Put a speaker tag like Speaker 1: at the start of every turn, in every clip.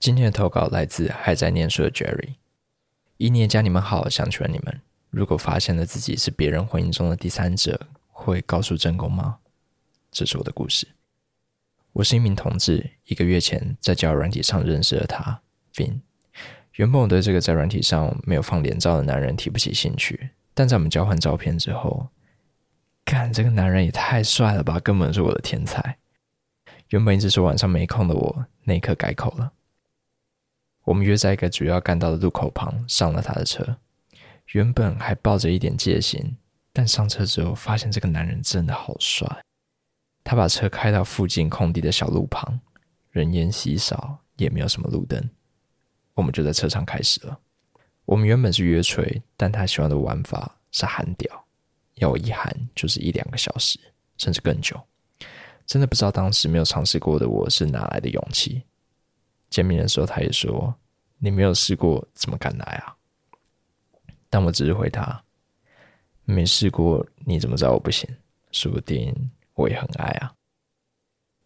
Speaker 1: 今天的投稿來自還在唸書的 Jerry。伊妮、耶加，你們好，好，想請問你們：如果發現了自己是別人婚姻中的第三者，會告訴正宮嗎？這是我的故事。我是一名同志，一個月前在交友軟體上認識了他，Vin。原本我對這個在軟體上沒有放臉照的男人提不起興趣，但在我們交換照片之後，幹，這個男人也太帥了吧，根本是我的天才。原本一直說晚上沒空的我，那一刻改口了。我們約在一個主要幹道的路口旁，上了他的車，原本還抱着一點戒心，但上車之後發現這個男人真的好帥。他把車開到附近空地的小路旁，人煙稀少，也沒有什麼路燈。我們就在車上開始了。我們原本是約吹，但他喜歡的玩法是含屌，要我一含就是一兩個小時，甚至更久。真的不知道當時沒有嘗試過的我是哪來的勇氣。見面的時候，他也說，你沒有試過怎麼敢來啊？但我只是回答沒試過，你怎麼知道我不行？說不定我也很愛啊。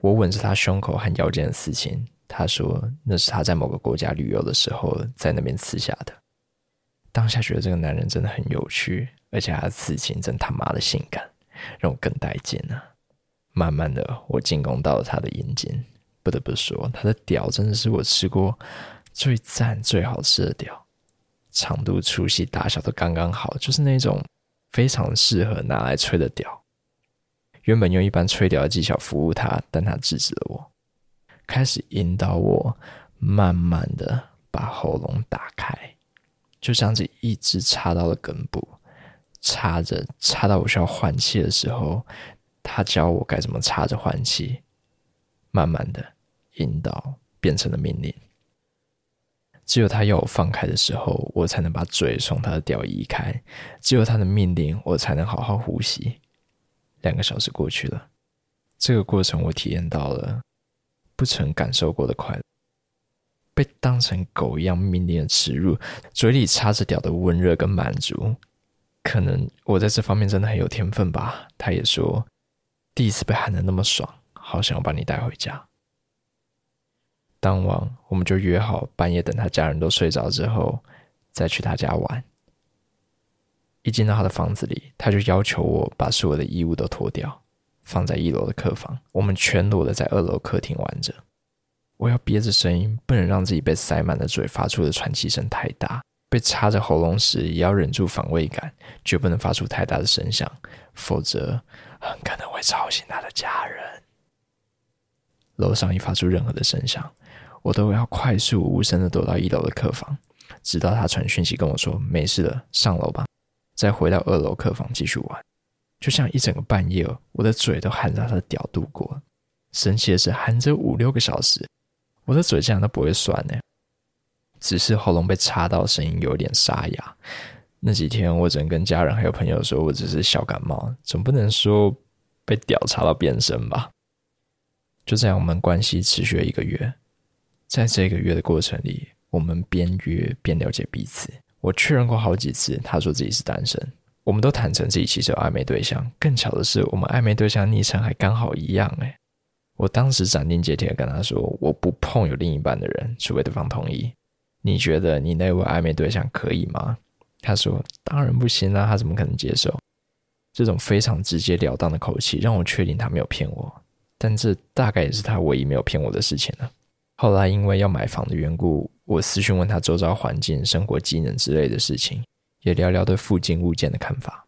Speaker 1: 我吻着他胸口和腰間的刺青，他說那是他在某個國家旅遊的時候在那邊刺下的。當下覺得這個男人真的很有趣，而且他的刺青真他媽的性感，讓我更帶勁了、啊。慢慢的，我進攻到了他的陰莖。不得不說，他的屌真的是我吃過最讚、最好吃的屌，長度、粗細、大小都剛剛好，就是那種非常適合拿來吹的屌。原本用一般吹屌的技巧服務他，但他制止了我，開始引導我慢慢的把喉嚨打開，就這樣子一直插到了根部，插着，插到我需要換氣的時候，他教我該怎麼插着換氣，慢慢的。引導變成了命令。只有他要我放開的時候，我才能把嘴從他的屌移開；只有他的命令，我才能好好呼吸。兩個小時過去了，這個過程我體驗到了不曾感受過的快樂，被當成狗一樣命令的恥辱，嘴裡插着屌的溫熱跟滿足。可能我在這方面真的很有天分吧？他也說，第一次被喊得那麼爽，好想要把你帶回家。當晚我們就約好半夜，等他家人都睡着之後，再去他家玩。一進到他的房子裡，他就要求我把所有的衣物都脫掉，放在一樓的客房。我們全裸的在二樓客廳玩着，我要憋着聲音，不能讓自己被塞滿的嘴發出的喘氣聲太大。被插着喉嚨時，也要忍住反胃感，絕不能發出太大的聲響，否則很可能會吵醒他的家人。樓上一發出任何的聲響。我都要快速無聲的躲到一樓的客房，直到他傳訊息跟我說沒事了，上樓吧。再回到二樓客房繼續玩，就像一整個半夜，我的嘴都含着他的屌度過。神奇的是，含着五六個小時，我的嘴竟然都不會酸呢、欸，只是喉嚨被插到，聲音有點沙啞。那幾天我只能跟家人還有朋友說我只是小感冒，總不能說被屌插到變聲吧。就這樣，我們關係持續了一個月。在這個月的過程裡，我們邊約邊了解彼此。我確認過好幾次，他說自己是單身。我們都坦承自己其實有曖昧對象。更巧的是，我們曖昧對象昵稱還剛好一樣、欸。哎，我當時斬釘截鐵跟他說：“我不碰有另一半的人，除非對方同意。”你覺得你那位曖昧對象可以嗎？他說：“當然不行啊，他怎麼可能接受？”這種非常直截了當的口氣，讓我確定他沒有騙我。但這大概也是他唯一沒有騙我的事情了。後來因為要買房的緣故，我私訊問他周遭環境、生活技能之類的事情，也聊聊對附近物件的看法。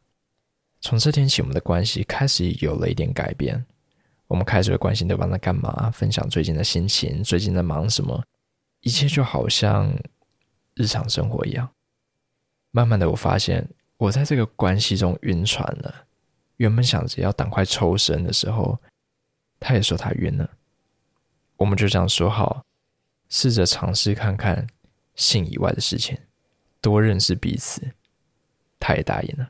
Speaker 1: 從這天起，我們的關係開始有了一點改變。我們開始會關心對方在幹嘛，分享最近的心情，最近在忙什麼，一切就好像日常生活一樣。慢慢的，我發現我在這個關係中暈船了。原本想着要趕快抽身的時候，他也說他暈了。我們就這樣說好。試着嘗試看看性以外的事情，多認識彼此。他也答應了。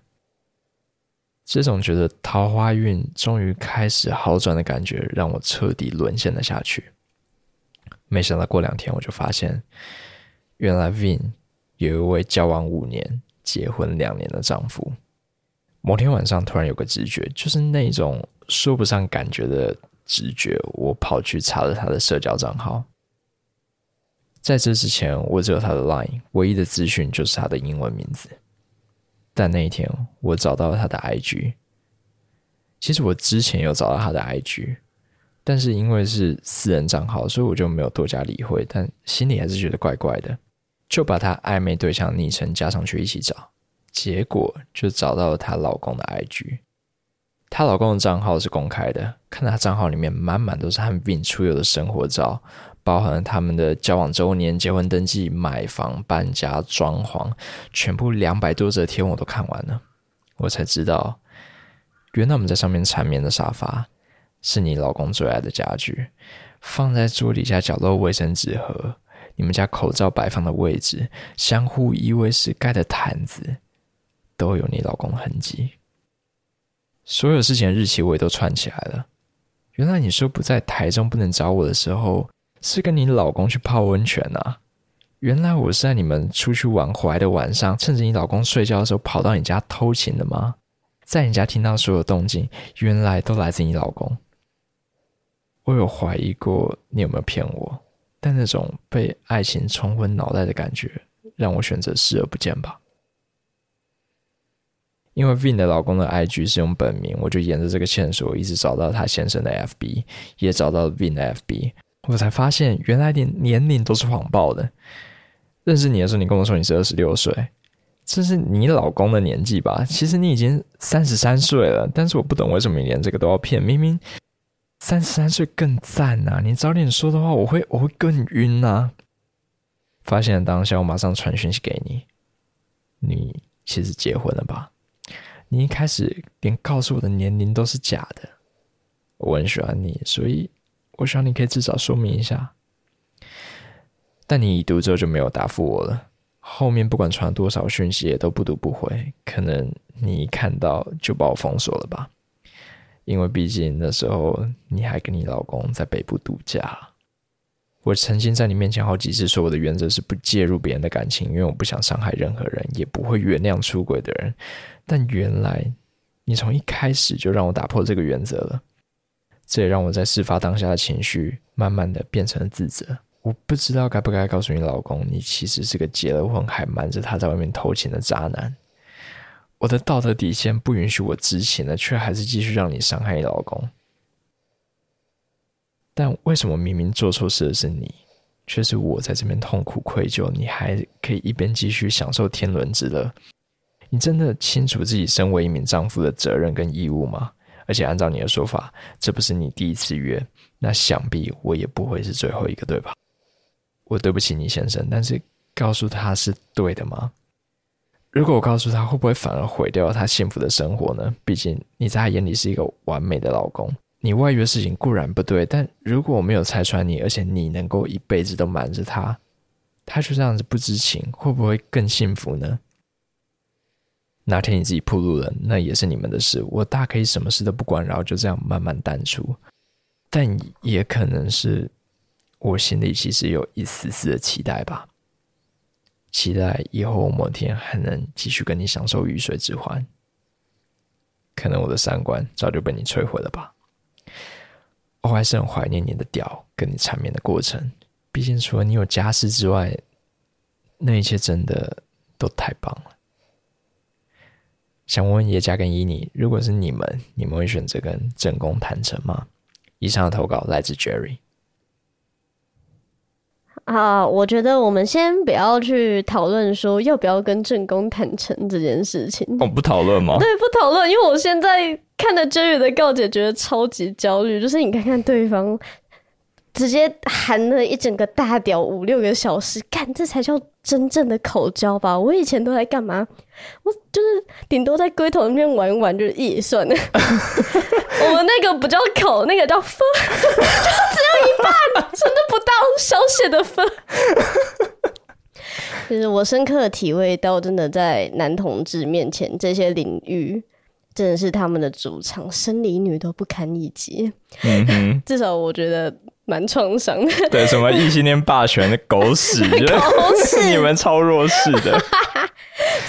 Speaker 1: 這種覺得桃花運終於開始好轉的感覺，讓我徹底淪陷了下去。沒想到過兩天，我就發現，原來 Vin 有一位交往五年、結婚兩年的丈夫。某天晚上，突然有個直覺，就是那種說不上感覺的直覺，我跑去查了他的社交賬號。在這之前，我只有他的 Line，唯一的資訊就是他的英文名字。但那一天，我找到了他的 IG。其實我之前有找到他的 IG，但是因為是私人賬號，所以我就沒有多加理會。但心裡還是覺得怪怪的，就把他曖昧對象的昵稱加上去一起找，結果就找到了她老公的 IG。她老公的賬號是公開的，看他賬號裡面滿滿都是看病、出遊的生活照。包含了他們的交往周年、結婚登記、買房、搬家、裝潢，全部兩百多則貼文我都看完了，我才知道，原來我們在上面纏綿的沙發是你老公最愛的家具，放在桌底下角落衛生紙盒、你們家口罩擺放的位置、相互依偎時蓋的毯子，都有你老公痕跡。所有事情的日期我也都串起來了，原來你說不在台中不能找我的時候，是跟你老公去泡溫泉吶、啊？原來我是在你們出去玩回來的晚上，趁着你老公睡覺的時候跑到你家偷情的嗎？在你家聽到所有動靜，原來都來自你老公。我有懷疑過你有沒有騙我，但那種被愛情沖昏腦袋的感覺，讓我選擇視而不見吧。因為 Vin 的老公的 IG 是用本名，我就沿着這個線索一直找到他先生的 FB，也找到了 Vin 的 FB。我才發現，原來連年齡都是謊報的。認識你的時候，你跟我說你是二十六歲，這是你老公的年紀吧？其實你已經三十三歲了。但是我不懂為什麼你連這個都要騙，明明三十三歲更讚啊！你早點說的話，我會我會更暈啊。發現了當下，我馬上傳訊息給你。你其實結婚了吧？你一開始連告訴我的年齡都是假的。我很喜歡你，所以。我想你可以至少說明一下，但你一讀之後就沒有答覆我了。後面不管傳多少訊息也都不讀不回，可能你一看到就把我封鎖了吧？因為畢竟那時候你還跟你老公在北部度假。我曾經在你面前好幾次說我的原則是不介入別人的感情，因為我不想傷害任何人，也不會原諒出軌的人。但原來你從一開始就讓我打破這個原則了。這也讓我在事發當下的情緒，慢慢的變成了自責。我不知道該不該告訴你老公，你其實是個結了婚還瞞着他在外面偷情的渣男。我的道德底線不允許我知情的，卻還是繼續讓你傷害你老公。但為什麼明明做錯事的是你，卻是我在這邊痛苦愧疚？你還可以一邊繼續享受天倫之樂？你真的清楚自己身為一名丈夫的責任跟義務嗎？而且按照你的說法，這不是你第一次約，那想必我也不會是最後一個，對吧？我對不起你先生，但是告訴他是對的嗎？如果我告訴他，會不會反而毀掉他幸福的生活呢？畢竟你在他眼裡是一個完美的老公，你外遇的事情固然不對，但如果我沒有拆穿你，而且你能夠一輩子都瞞着他，他就這樣子不知情，會不會更幸福呢？哪天你自己鋪路了，那也是你們的事。我大可以什麼事都不管，然後就這樣慢慢淡出。但也可能是我心裡其實有一絲絲的期待吧，期待以後我某天還能繼續跟你享受魚水之歡。可能我的三觀早就被你摧毀了吧。我還是很懷念你的屌，跟你纏綿的過程。畢竟除了你有家室之外，那一切真的都太棒了。想問問耶加跟伊妮，如果是你們，你們會選擇跟正宮坦誠嗎？以上的投稿來自 Jerry。
Speaker 2: 啊、uh,，我覺得我們先不要去討論說要不要跟正宮坦誠這件事情。
Speaker 1: 哦、oh,，不討論嗎？對，
Speaker 2: 不討論，因為我現在看了 Jerry 的告解，覺得超級焦慮。就是你看看對方，直接含了一整個大屌五六個小時，幹，這才叫真正的口交吧？我以前都在幹嘛？我就是頂多在龜頭那邊玩一玩，就是也算了 我們那個不叫口，那個叫分， 就只有一半，真 的不到小寫的分。 就是我深刻的體會到，真的在男同志面前，這些領域真的是他們的主場，生理女都不堪一擊。嗯， 至少我覺得蠻創傷的。對，什麼異
Speaker 1: 性戀霸權的狗屎，狗屎， 狗屎 你們超弱勢的。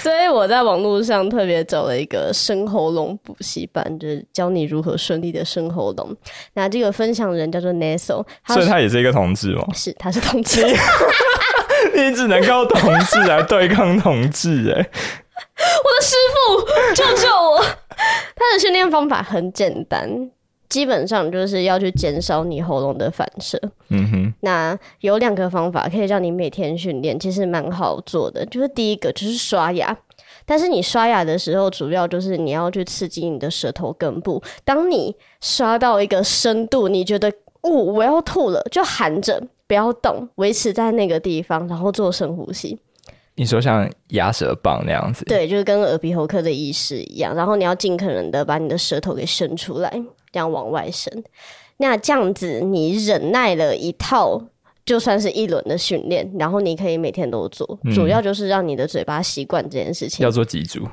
Speaker 2: 所以我在網絡上特別找了一個深喉嚨補習班，就是教你如何順利的深喉嚨。那這個分享人叫做 Neso，他所以他
Speaker 1: 也是一個同志哦。是，
Speaker 2: 他是同志。
Speaker 1: 你只能靠同志來對抗同志誒
Speaker 2: 我的師傅，救救我！他的訓練方法很簡單。基本上就是要去減少你喉嚨的反射。嗯哼，那有兩個方法可以讓你每天訓練，其實蠻好做的。就是第一個就是刷牙，但是你刷牙的時候，主要就是你要去刺激你的舌頭根部。當你刷到一個深度，你覺得哦，我要吐了，就含着不要動，維持在那個地方，然後做深呼吸。
Speaker 1: 你說像壓舌棒那樣子？
Speaker 2: 對，就是跟耳鼻喉科的醫師一樣，然後你要盡可能的把你的舌頭給伸出來。這樣往外伸，那這樣子你忍耐了一套，就算是一輪的訓練，然後你可以每天都做，嗯、主要就是讓你的嘴巴習慣這件事情。要做幾組？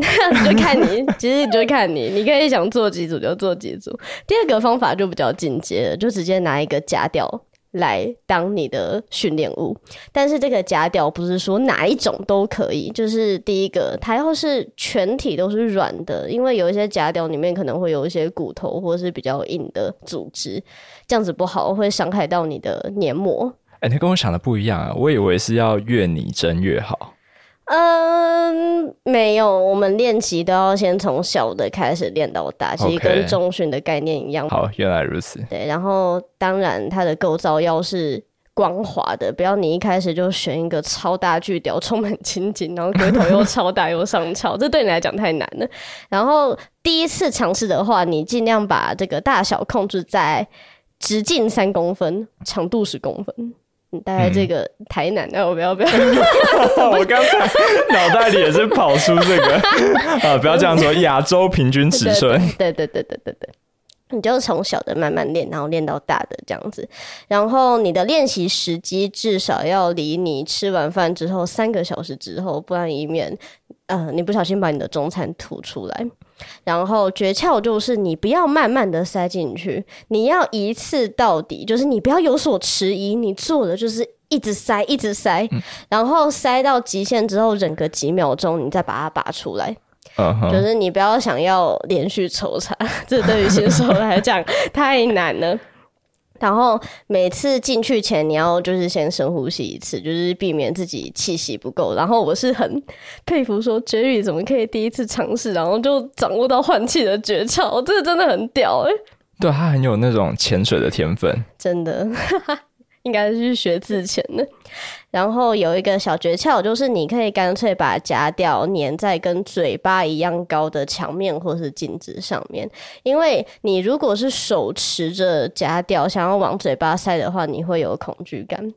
Speaker 2: 就看你，其實你就看你，你可以想做幾組就做幾組。第二個方法就比較進階了，就直接拿一個夾掉。來當你的訓練物，但是這個假屌不是說哪一種都可以，就是第一個，它要是全體都是軟的，因為有一些假屌裡面可能會有一些骨頭或是比較硬的組織，這樣子不好，會傷害到你的黏膜。
Speaker 1: 哎、欸，你跟我想的不一樣啊，我以為是要越擬真越好。
Speaker 2: 嗯，沒有，我們練習都要先從小的開始練到大，其實跟重訓的概念一樣。Okay. 好，
Speaker 1: 原來如此。
Speaker 2: 對，然後當然它的構造要是光滑的，不要你一開始就選一個超大巨雕，充滿青筋，然後個頭又超大又上翹， 這對你來講太難了。然後第一次嘗試的話，你儘量把這個大小控制在直徑三公分，長度十公分。你帶來這個台南、嗯、啊？我不要不
Speaker 1: 要， 我剛才腦袋裡也是跑出這個 啊！不要這樣說，亞洲平均尺寸。對對對對對對，
Speaker 2: 對，你就從小的慢慢練，然後練到大的這樣子。然後你的練習時機至少要離你吃完飯之後三個小時之後，不然以免。嗯、呃，你不小心把你的中餐吐出來，然後訣竅就是你不要慢慢的塞進去，你要一次到底，就是你不要有所遲疑，你做的就是一直塞，一直塞，嗯、然後塞到極限之後忍個幾秒鐘，你再把它拔出來。Uh -huh. 就是你不要想要連續抽查，這對於新手來講 太難了。然後每次進去前，你要就是先深呼吸一次，就是避免自己氣息不夠。然後我是很佩服，說 Jerry 怎麼可以第一次嘗試，然後就掌握到換氣的訣竅，這個真的很屌哎，欸！
Speaker 1: 對他很有那種潛水的天分，
Speaker 2: 真的。 應該是去學字前的， 然後有一個小訣竅，就是你可以乾脆把夾掉粘在跟嘴巴一樣高的牆面或是鏡子上面，因為你如果是手持着夾掉，想要往嘴巴塞的話，你會有恐懼感。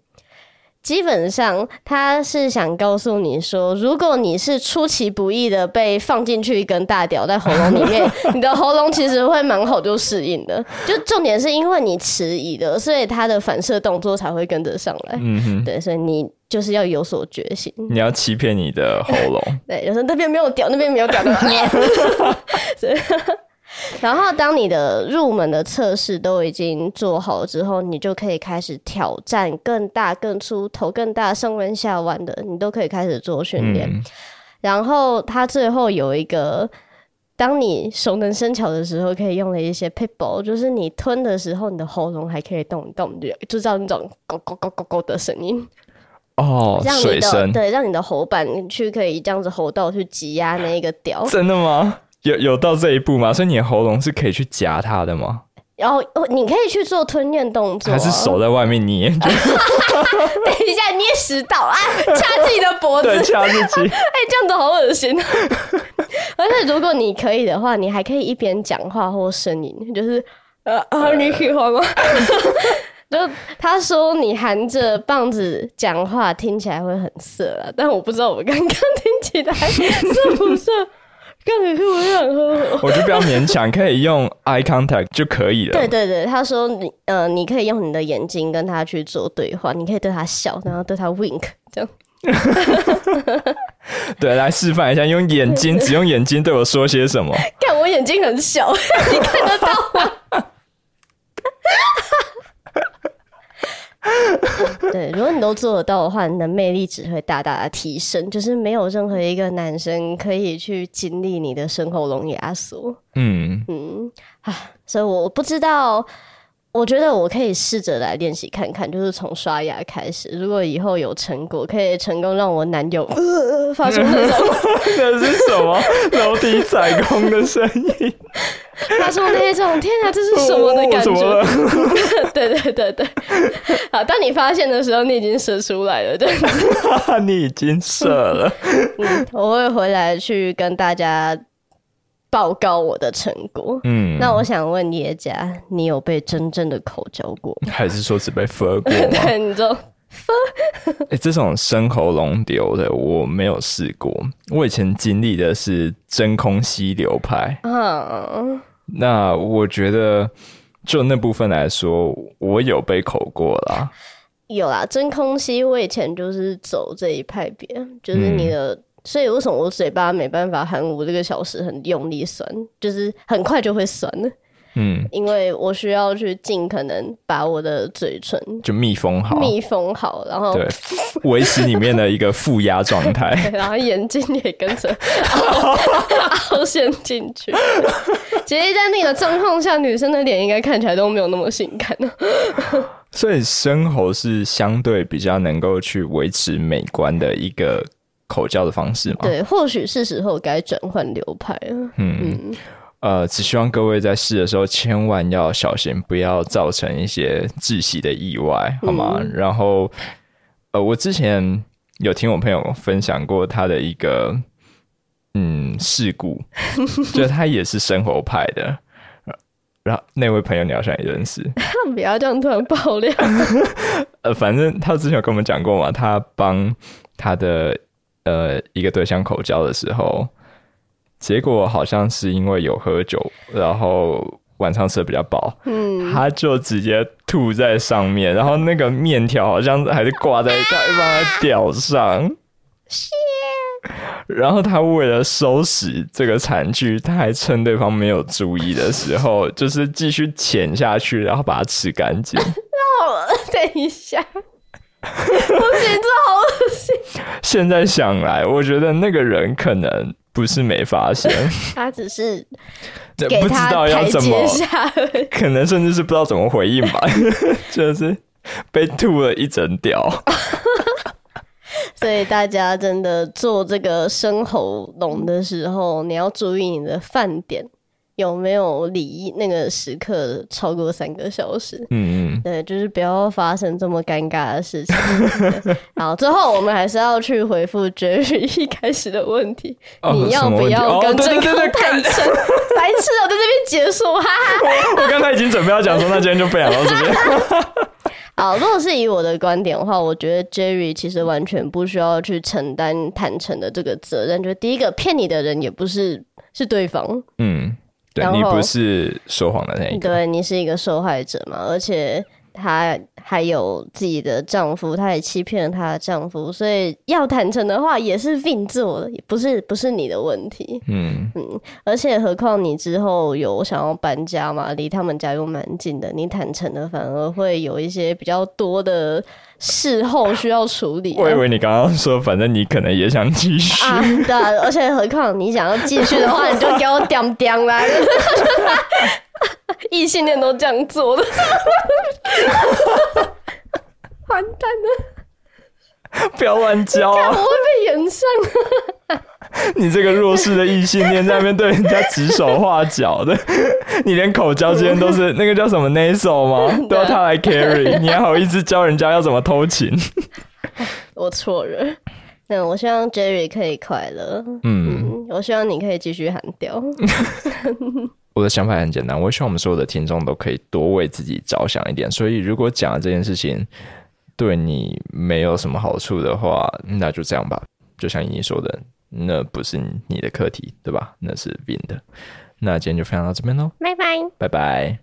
Speaker 2: 基本上，他是想告訴你說，如果你是出其不意的被放進去一根大屌在喉嚨裡面， 你的喉嚨其實會蠻好就適應的。就重點是因為你遲疑的，所以他的反射動作才會跟得上來。嗯哼，對，所以你就是要有所覺醒。
Speaker 1: 你要欺騙你的喉嚨。
Speaker 2: 對，有時候那邊沒有屌，那邊沒有屌。的。 所以 然後，當你的入門的測試都已經做好之後，你就可以開始挑戰更大、更粗、頭更大、上彎下彎的，你都可以開始做訓練。嗯、然後，它最後有一個，當你熟能生巧的時候，可以用了一些 pitball 就是你吞的時候，你的喉嚨還可以動動，就知道那種咕咕咕咕咕的聲音。
Speaker 1: 哦，讓你的水聲對，
Speaker 2: 讓你的喉板去可以這樣子喉道去擠壓那個屌，真
Speaker 1: 的嗎？有有到這一步嗎？所以你的喉嚨是可以去夾它的嗎？
Speaker 2: 然後、哦、哦，你可以去做吞咽動作、啊，還是手
Speaker 1: 在外面捏？
Speaker 2: 等一下，捏食道啊，掐自己的脖子，掐自己！哎、欸，這樣子好惡心。而 且如果你可以的話，你還可以一邊講話或聲音，就是呃 啊，啊，你喜歡嗎？ 就他說你含着棒子講話，聽起來會很色啦，但我不知道我剛剛聽起來是不是。 可是我也想喝，我就不要勉強，
Speaker 1: 可以用 eye contact 就可以了。 對
Speaker 2: 對對，他說你呃，你可以用你的眼睛跟他去做對話，你可以對他笑，然後對他 wink 這樣。
Speaker 1: 對，來示範一下，用眼睛，只用眼睛對我說些什麼？
Speaker 2: 看 我眼睛很小，你看得到嗎？ 對，如果你都做得到的話，你的魅力值會大大的提升，就是沒有任何一個男生可以去經歷你的生口龍牙鎖。嗯嗯，啊，所以我不知道，我覺得我可以試着來練習看看，就是從刷牙開始。如果以後有成果，可以成功讓我男友呃，呃發出的是什麼樓梯踩空的聲音？ 他說那些這種天哪，這是什麼的感覺？ 對對對對，好，當你發現的時候，你已經射出來了，對，
Speaker 1: 你已經射
Speaker 2: 了。嗯，我會回來去跟大家報告我的成果。嗯，那我想問耶加，你有被真正的口交過
Speaker 1: 嗎，還是說只被 fell 過？ 對，你就。哎、 欸，這種深喉嚨流，流的我沒有試過。我以前經歷的是真空吸流派。嗯、uh，那我覺得就那部分來說，我有被口過啦。
Speaker 2: 有啊，真空吸我以前就是走這一派別，就是你的、嗯，所以為什麼我嘴巴沒辦法含五六個小時很用力酸，就是很快就會酸。嗯，因為我需要去盡可能把我的嘴唇
Speaker 1: 就密封好，密
Speaker 2: 封好，然後對，
Speaker 1: 維持裡面的一個負壓狀態，
Speaker 2: 然後眼睛也跟着凹 然後 陷進去。其實，在那個狀況下，女生的臉應該看起來都沒有那麼性感
Speaker 1: 所以，深喉是相對比較能夠去維持美觀的一個口交的方式嘛？對，
Speaker 2: 或許是時候該轉換流派了。嗯。嗯
Speaker 1: 呃，只希望各位在試的時候千萬要小心，不要造成一些窒息的意外，好嗎？嗯。然後，呃，我之前有聽我朋友分享過他的一個嗯事故，就他也是生活派的， 然後那位朋友你好像也認識，
Speaker 2: 不要這樣突然爆料。
Speaker 1: 呃，反正他之前有跟我們講過嘛，他幫他的呃一個對象口交的時候。結果好像是因為有喝酒，然後晚上吃的比較飽，嗯，他就直接吐在上面，然後那個麵條好像還是掛在對方的吊上。然後他為了收拾這個殘局，他還趁對方沒有注意的時候， 就是繼續潛下去，然後把它吃乾淨。
Speaker 2: 我等一下，我簡直好噁心！
Speaker 1: 現在想來，我覺得那個人可能，不是沒發現， 他只是他不知道要怎麼，
Speaker 2: 可
Speaker 1: 能甚至是不知道怎麼回應吧， 就是被吐了一整屌 。
Speaker 2: 所以大家真的做這個深喉嚨的時候，你要注意你的飯點。有沒有離那個時刻超過三個小時？嗯對，就是不要發生這麼尷尬的事情。好，最後我們還是要去回復 Jerry 一開始的問題：哦、你要不要跟真哥坦承？白痴啊，在這邊結束哈哈，我
Speaker 1: 剛才已經準備要講說，那今天就不講了，這邊。
Speaker 2: 好，如果是以我的觀點的話，我覺得 Jerry 其實完全不需要去承擔坦承的這個責任，就是第一個騙你的人也不是是對方，嗯。
Speaker 1: 對，你不是說謊的那一個，對，
Speaker 2: 你是一個受害者嘛，而且。她還有自己的丈夫，她也欺騙了她的丈夫，所以要坦誠的話，也是運作，不是不是你的問題，嗯嗯，而且何況你之後有想要搬家嘛，離他們家又蠻近的，你坦誠的反而會有一些比較多的事後需要處理，啊啊。我以為
Speaker 1: 你剛剛說，反正你可能也想繼續，啊
Speaker 2: 對、啊，而且何況你想要繼續的話，你就給我點點來。 異 性戀都這樣做的 完蛋了！
Speaker 1: 不要亂教啊！我會
Speaker 2: 被嚴懲。
Speaker 1: 你這個弱勢的異性戀，在那邊對人家指手畫腳的， 你連口交之間都是那個叫什麼 nasal 嗎？ 都要他來 carry，你還好意思教人家要怎麼偷情 ？
Speaker 2: 我錯了。那我希望 Jerry 可以快樂。嗯，嗯，我希望你可以繼續喊屌。
Speaker 1: 我的想法很簡單，我希望我們所有的聽眾都可以多為自己着想一點。所以，如果講的這件事情對你沒有什麼好處的話，那就這樣吧。就像你說的，那不是你的課題，對吧？那是斌的。那今天就分享到這邊嘍，拜拜，拜拜。